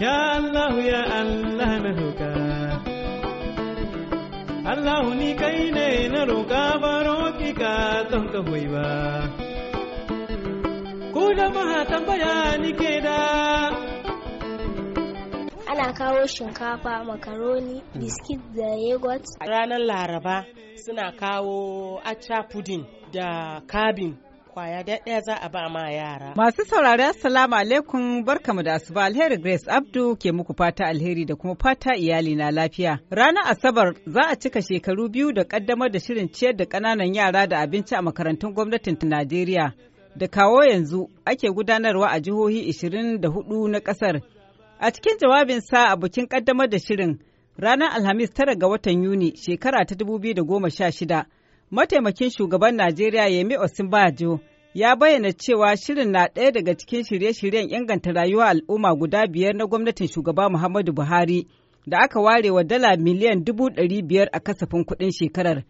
Ya Allah ya Allah na roƙa Allah ni kai ne na roƙa baro ki ka don ka hoyi ba Ku tambaya ni ke da Ana kawo shinkafa, makaroni, biskit da yogurt. Ranar Laraba suna kawo acha pudding da kabin kwaya ɗaya za a ba ma yara. Masu saurari assalamu alaikum barkamu da asuba alheri Grace Abdu ke muku fata alheri da kuma fata iyali na lafiya. Ranar Asabar za a cika shekaru biyu da kaddamar da shirin ciyar da ƙananan yara da abinci a makarantun gwamnatin Najeriya. Da kawo yanzu ake gudanarwa a jihohi da hudu na ƙasar. A cikin jawabin sa a bikin kaddamar da shirin ranar Alhamis tara ga watan Yuni shekara ta dubu biyu da goma sha shida. mataimakin shugaban Najeriya Yemi Osinbajo ya bayyana cewa shirin na ɗaya daga cikin shirye-shiryen inganta rayuwa al'umma guda biyar na gwamnatin shugaba Muhammadu Buhari da aka ware wa dala miliyan dubu ɗari biyar a kasafin kuɗin shekarar.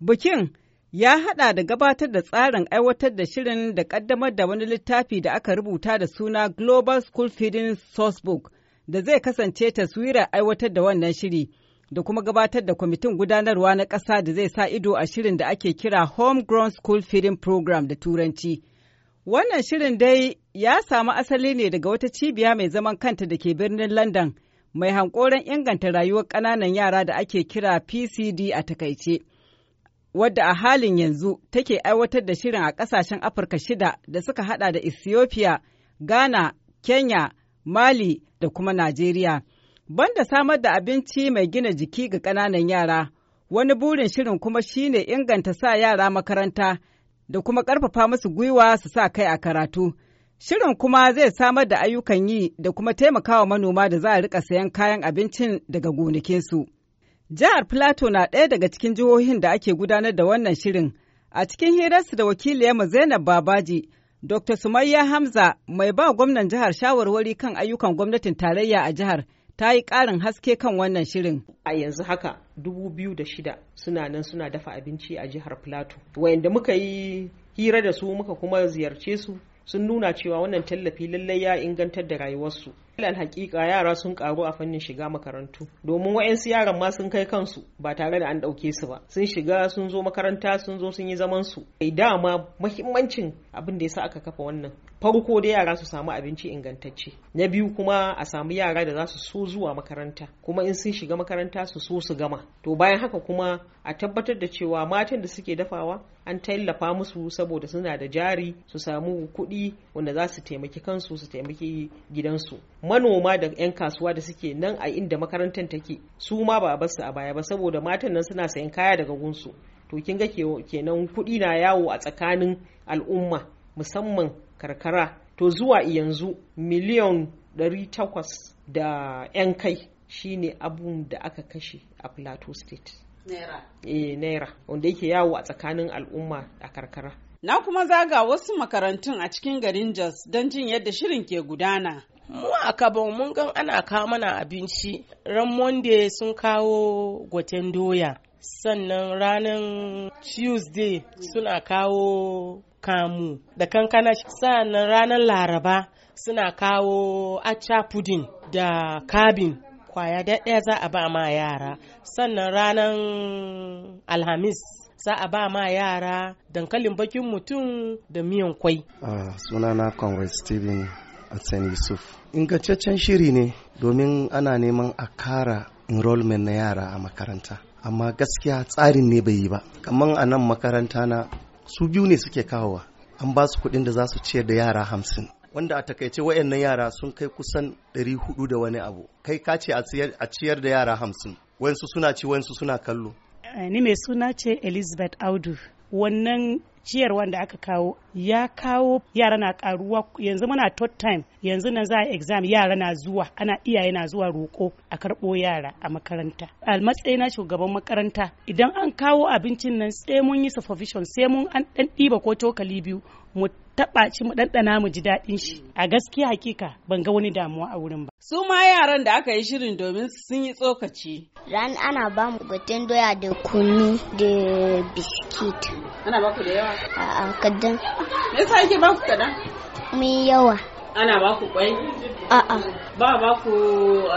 Bukin ya haɗa da gabatar da tsarin aiwatar da shirin da ƙaddamar da wani littafi da aka rubuta da suna Global School Feeding Sourcebook da zai kasance taswirar aiwatar da wannan shiri. da kuma gabatar da kwamitin gudanarwa na ƙasa da zai sa ido a shirin da ake kira Homegrown School Feeding Program da Turanci. Wannan shirin dai ya samu asali ne daga wata cibiya mai zaman kanta da ke birnin London mai hankoron inganta rayuwar ƙananan yara da ake kira PCD a takaice. Wadda a halin yanzu take aiwatar da shirin a ƙasashen Afirka shida da suka hada da Ethiopia, Ghana, Kenya, Mali da kuma Najeriya. Banda samar da abinci mai gina jiki ga ƙananan yara, wani burin shirin kuma shine inganta sa yara makaranta da kuma ƙarfafa musu gwiwa su sa kai a karatu. Shirin kuma zai samar da ayyukan yi da kuma taimakawa manoma da za a rika sayan kayan abincin daga gonakinsu. Jihar Plateau na ɗaya daga cikin jihohin da ake gudanar da wannan shirin. A cikin hirarsu da wakiliyarmu Zainab Babaji, Dr. Sumayya Hamza mai ba gwamnan jihar shawarwari kan ayyukan gwamnatin tarayya a jihar ta yi ƙarin haske kan wannan shirin. A yanzu haka dubu biyu da shida suna nan suna dafa abinci a jihar Plateau. Wayanda muka yi hira da su muka kuma ziyarce su sun nuna cewa wannan tallafi lallai ya ingantar da rayuwarsu. Alal hakika yara sun karu a fannin shiga makarantu domin wa'yansu yaran ma sun kai kansu ba tare da an ɗauke su ba sun shiga sun zo makaranta sun zo sun yi zaman su. Dama muhimmancin abin da ya sa aka kafa wannan farko dai yara su samu abinci ingantacce na biyu kuma a samu yara da za su so zuwa makaranta kuma in sun shiga makaranta su so su gama to bayan haka kuma a tabbatar da cewa matan da suke dafawa an tallafa musu saboda suna da jari su samu kuɗi wanda za su taimaki kansu su taimaki gidansu manoma da 'yan kasuwa da suke nan a inda makarantar take su ma ba a basu a baya ba saboda matan nan suna sayan kaya daga gunsu to kin ga kenan kuɗi na yawo a tsakanin al'umma musamman karkara to zuwa yanzu miliyan 800 da 'yan kai shine abun da aka kashe a plateau state naira eh naira wanda yake yawo a tsakanin al'umma a karkara na kuma zaga wasu makarantun a cikin garin jos don jin yadda shirin ke gudana mu a kabon mun gan ana kawo mana abinci ran monday sun kawo gwaten doya sannan ranar tuesday suna kawo kamu da kankana sannan ranar laraba suna kawo acha pudding da kabin kwaya daɗaya za a ba ma yara sannan ranar alhamis za a ba ma yara dankalin bakin mutum da miyan kwai sunana conrad steven Hassan Yusuf. Ingantaccen shiri ne domin ana neman a kara enrollment na yara a makaranta. Amma gaskiya tsarin ne bai yi ba. Kamar a nan makaranta na su biyu ne suke kawowa an ba su kuɗin da za su ciyar da yara hamsin wanda a takaice wayannan yara sun kai kusan ɗari hudu da wani abu kai ka ce a ciyar da yara hamsin wayansu suna ci wayansu suna kallo eh, ni mai suna ce elizabeth audu wannan ciyarwan wanda aka kawo ya kawo yara na karuwa yanzu muna third time yanzu nan za a exam yara na zuwa ana iyaye na zuwa roko a karɓo yara a makaranta a matsayi na shugaban makaranta idan an kawo abincin nan sai mun yi supervision sai mun an ɗanɗiba diba ko cokali biyu mu taɓa shi mu ɗanɗana mu ji daɗin shi a gaskiya hakika ban ga wani damuwa a wurin ba Su ma yaran da aka yi shirin domin sun yi tsokaci. Ran ana ba mu batun doya da kunu da biskit. Ana ba ku da yawa? A'a kadan. Me yasa ake ba ku kadan? Mun yawa. Ana ba ku kwai? A'a. Ba ba ku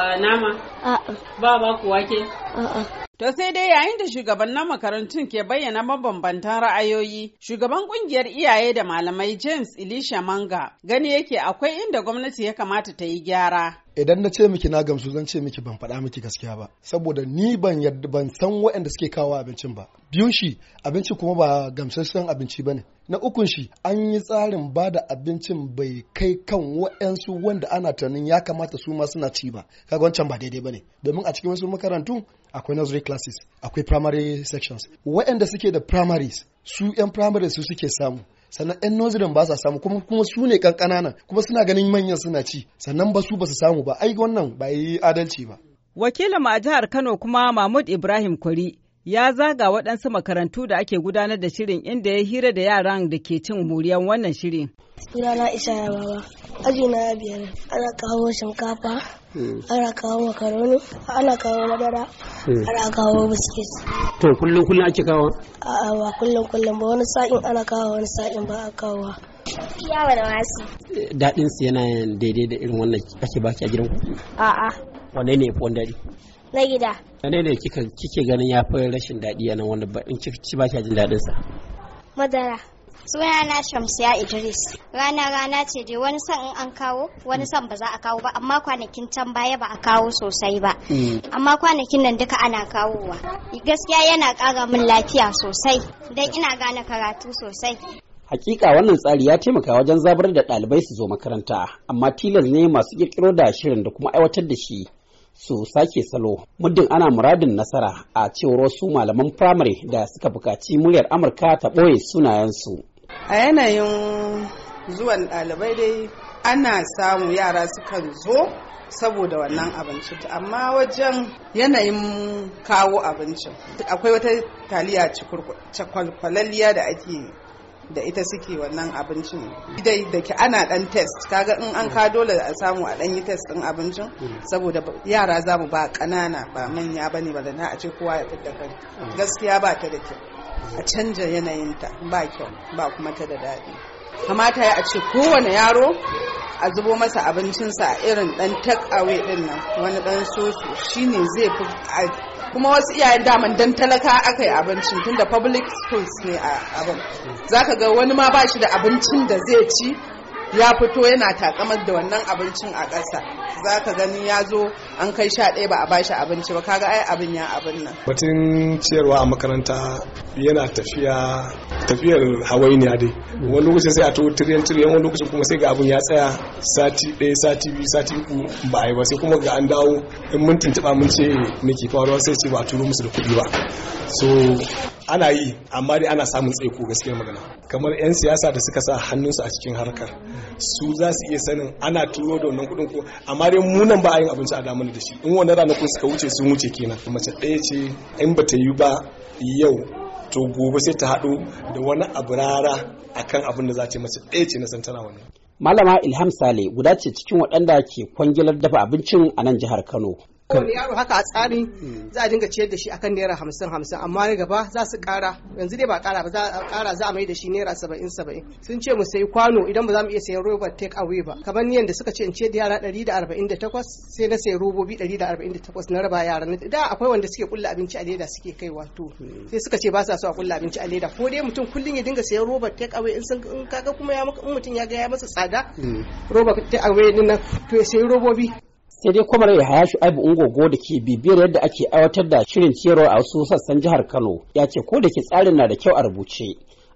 ah, nama? A'a. Ba ba ku wake? A'a. To sai dai yayin da shugabannin makarantun ke bayyana mabambantan ra'ayoyi, shugaban kungiyar iyaye da malamai James Elisha Manga gani yake akwai inda gwamnati ya kamata ta yi gyara. Idan na ce miki na gamsu zan ce miki ban faɗa miki gaskiya ba, saboda ni ban yarda ban san waɗanda suke kawo abincin ba. Biyun shi abinci kuma ba gamsasshen abinci ba ne. Na ukun shi an yi tsarin ba da abincin bai kai kan waɗansu wanda ana tunanin ya kamata su ma suna ci ba. Kaga wancan ba daidai ba ne. Domin a cikin wasu makarantu akwai nursery classes akwai primary sections waɗanda suke da primaries su 'yan primaries su suke samu sannan 'yan nursery ba sa samu kuma kuma su ne kankananan kuma suna ganin manyan suna ci sannan ba su ba su samu ba ai wannan ba yi adalci ba wakilin a jihar kano kuma mahmud ibrahim kwari ya zaga waɗansu makarantu da ake gudanar da shirin inda ya hira da yaran da ke cin muriyan wannan shirin. na Isa bawa, aji na biyar, ana kawo shinkafa, hmm. ana kawo makaroni, ana kawo madara, hmm. ana kawo biskit. To kullum kullum ake kawo? A'a ba kullum kullum ba wani sa'in ana kawo wani sa'in ba a kawo. Yawa da wasu. Daɗinsu yana daidai da irin wannan ake baki a gidanku? A'a. Wane ne ya fi wani daɗi? na gida ne ne kika kike ganin ya fi rashin daɗi a nan wanda ba in ci ba jin daɗin sa madara suna na shamsiya idris rana rana ce dai wani san in an kawo wani san ba za a kawo ba amma kwanakin can baya ba a kawo sosai ba mm. amma kwanakin nan duka ana kawowa gaskiya yana ƙara min lafiya sosai don ina gane karatu sosai hakika wannan tsari ya taimaka wajen zabar da ɗalibai su zo makaranta amma tilas ne masu kirkiro da shirin da kuma aiwatar da shi su sake salo muddin ana muradin nasara a cewar wasu malaman firamare da suka bukaci muryar amurka ta ɓoye sunayensu a yanayin zuwan ɗalibai dai ana samu yara sukan zo saboda wannan abinci amma wajen yanayin kawo abincin akwai wata taliya cikwalkwalaliya da ake da ita suke wannan abincin dai da ke ana dan test kaga in an ka dole a samu a dan yi test din abincin mm. saboda yara za mu ba kanana ba manya ba ne ba da na a ce kowa ya fitta kai mm. gaskiya ba ta da kyau a canja yanayinta ba kyau ba kuma ta da daɗi kamata ya a ce kowane yaro a zubo masa abincinsa a irin dan tak'awe din nan wani dan soso shine zai fi kuma wasu iyayen daman dan talaka aka yi abincin tunda public schools ne a abin zaka ga wani ma ba shi da abincin da zai ci ya fito yana takamar da wannan abincin a ƙasa za ka gani ya zo an kai sha ɗaya ba a bashi abinci ba kaga ai abin ya abin nan batun ciyarwa a makaranta yana tafiya tafiyar hawainiya dai wani lokacin sai a to tiriyan tiriyan wani lokacin kuma sai ga abin ya tsaya sati ɗaya sati biyu sati uku ba a yi ba sai kuma ga an dawo in mun tuntuɓa mun ce ne ke faruwa sai ce ba a turo musu da kuɗi ba so ana yi amma dai ana samun tsaiko gaskiyar magana kamar 'yan siyasa da suka sa hannunsu a cikin harkar su za su iya sanin ana turo da wannan kuɗin ko amma dai munan ba a yin abinci a damar da shi in wannan ranakun suka wuce sun wuce kenan mace ɗaya ce in ba ta yi ba yau to gobe sai ta haɗu da wani abu a akan abin da za ta mace ɗaya ce na san tana wannan Malama Ilham Sale guda ce cikin waɗanda ke kwangilar dafa abincin a nan jihar Kano. wani yaro haka a tsari mm. za a dinga ciyar da shi akan naira hamsin hamsin amma na gaba za su kara yanzu dai ba kara ba za a kara za a mai da shi naira saba'in saba'in sun ce mu sayi kwano idan ba za mu iya sayan robot take away ba kamar ni yanda suka ce in ce da yara ɗari da arba'in da takwas sai na sayi robobi ɗari da arba'in da takwas na raba yara da akwai wanda suke kulla abinci a leda suke kai wato mm. sai suka ce ba sa so a kulla abinci a leda ko dai mutum kullum ya dinga sayan robot take away in sun kaga kuma ya mutum ya ga ya masa tsada mm. robot take away din nan to ya sayi robobi sai dai kwamar ya haya shu'aibu ungogo da ke bibiyar yadda ake aiwatar da shirin ciyarwa a wasu sassan jihar kano ya ce ko da ke tsarin na da kyau a rubuce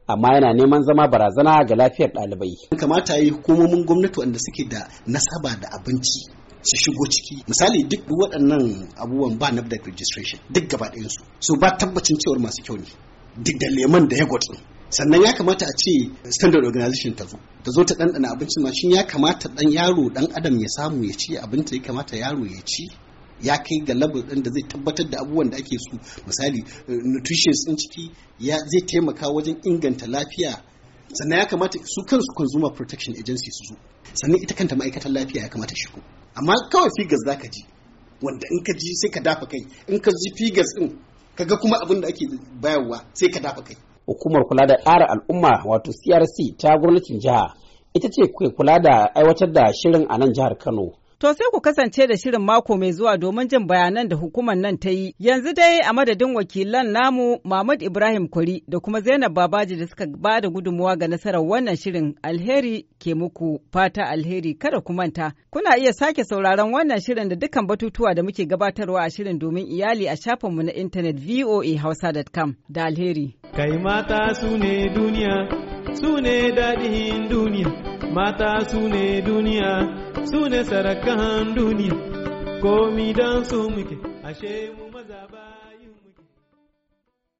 amma yana neman zama barazana ga lafiyar ɗalibai. kamata yi hukumomin gwamnati wanda suke da nasaba da abinci su shigo ciki misali duk waɗannan abubuwan ba nafdak registration duk gaba ɗayansu su ba tabbacin cewar masu kyau ne duk da leman da ya gwatsu sannan ya kamata a ce standard organization ta zo ta zo ta ɗanɗana abincin ma shin ya kamata ɗan yaro ɗan adam ya samu ya ci abinci ya kamata yaro ya ci ya kai ga level ɗin da zai tabbatar da abubuwan da ake su misali nutrition in ciki ya zai taimaka wajen inganta lafiya sannan ya kamata su kansu consumer protection agency su zo sannan ita kanta ma'aikatan lafiya ya kamata shigo amma kawai figures za ka ji wanda in ka ji sai ka dafa kai in ka ji figures ɗin kaga kuma abin da ake bayarwa sai ka dafa kai hukumar kula da tsara al'umma wato crc ta gwamnatin jiha ita ce ke kula da aiwatar da shirin a nan jihar kano To sai ku kasance da shirin mako mai zuwa domin jin bayanan da hukumar nan ta yi. Yanzu dai a madadin wakilan namu Mahmud Ibrahim Kwari da kuma Zainab Babaji da suka ba da gudunmuwa ga nasarar wannan shirin alheri ke muku fata alheri kada ku manta. Kuna iya sake sauraron wannan shirin da dukkan batutuwa da muke gabatarwa a shirin domin iyali a shafinmu na intanet voahausa.com da alheri. Kai mata su ne duniya, su ne daɗin duniya, mata su ne duniya. su ne sarakan duniya komi don su muke ashe mu maza ba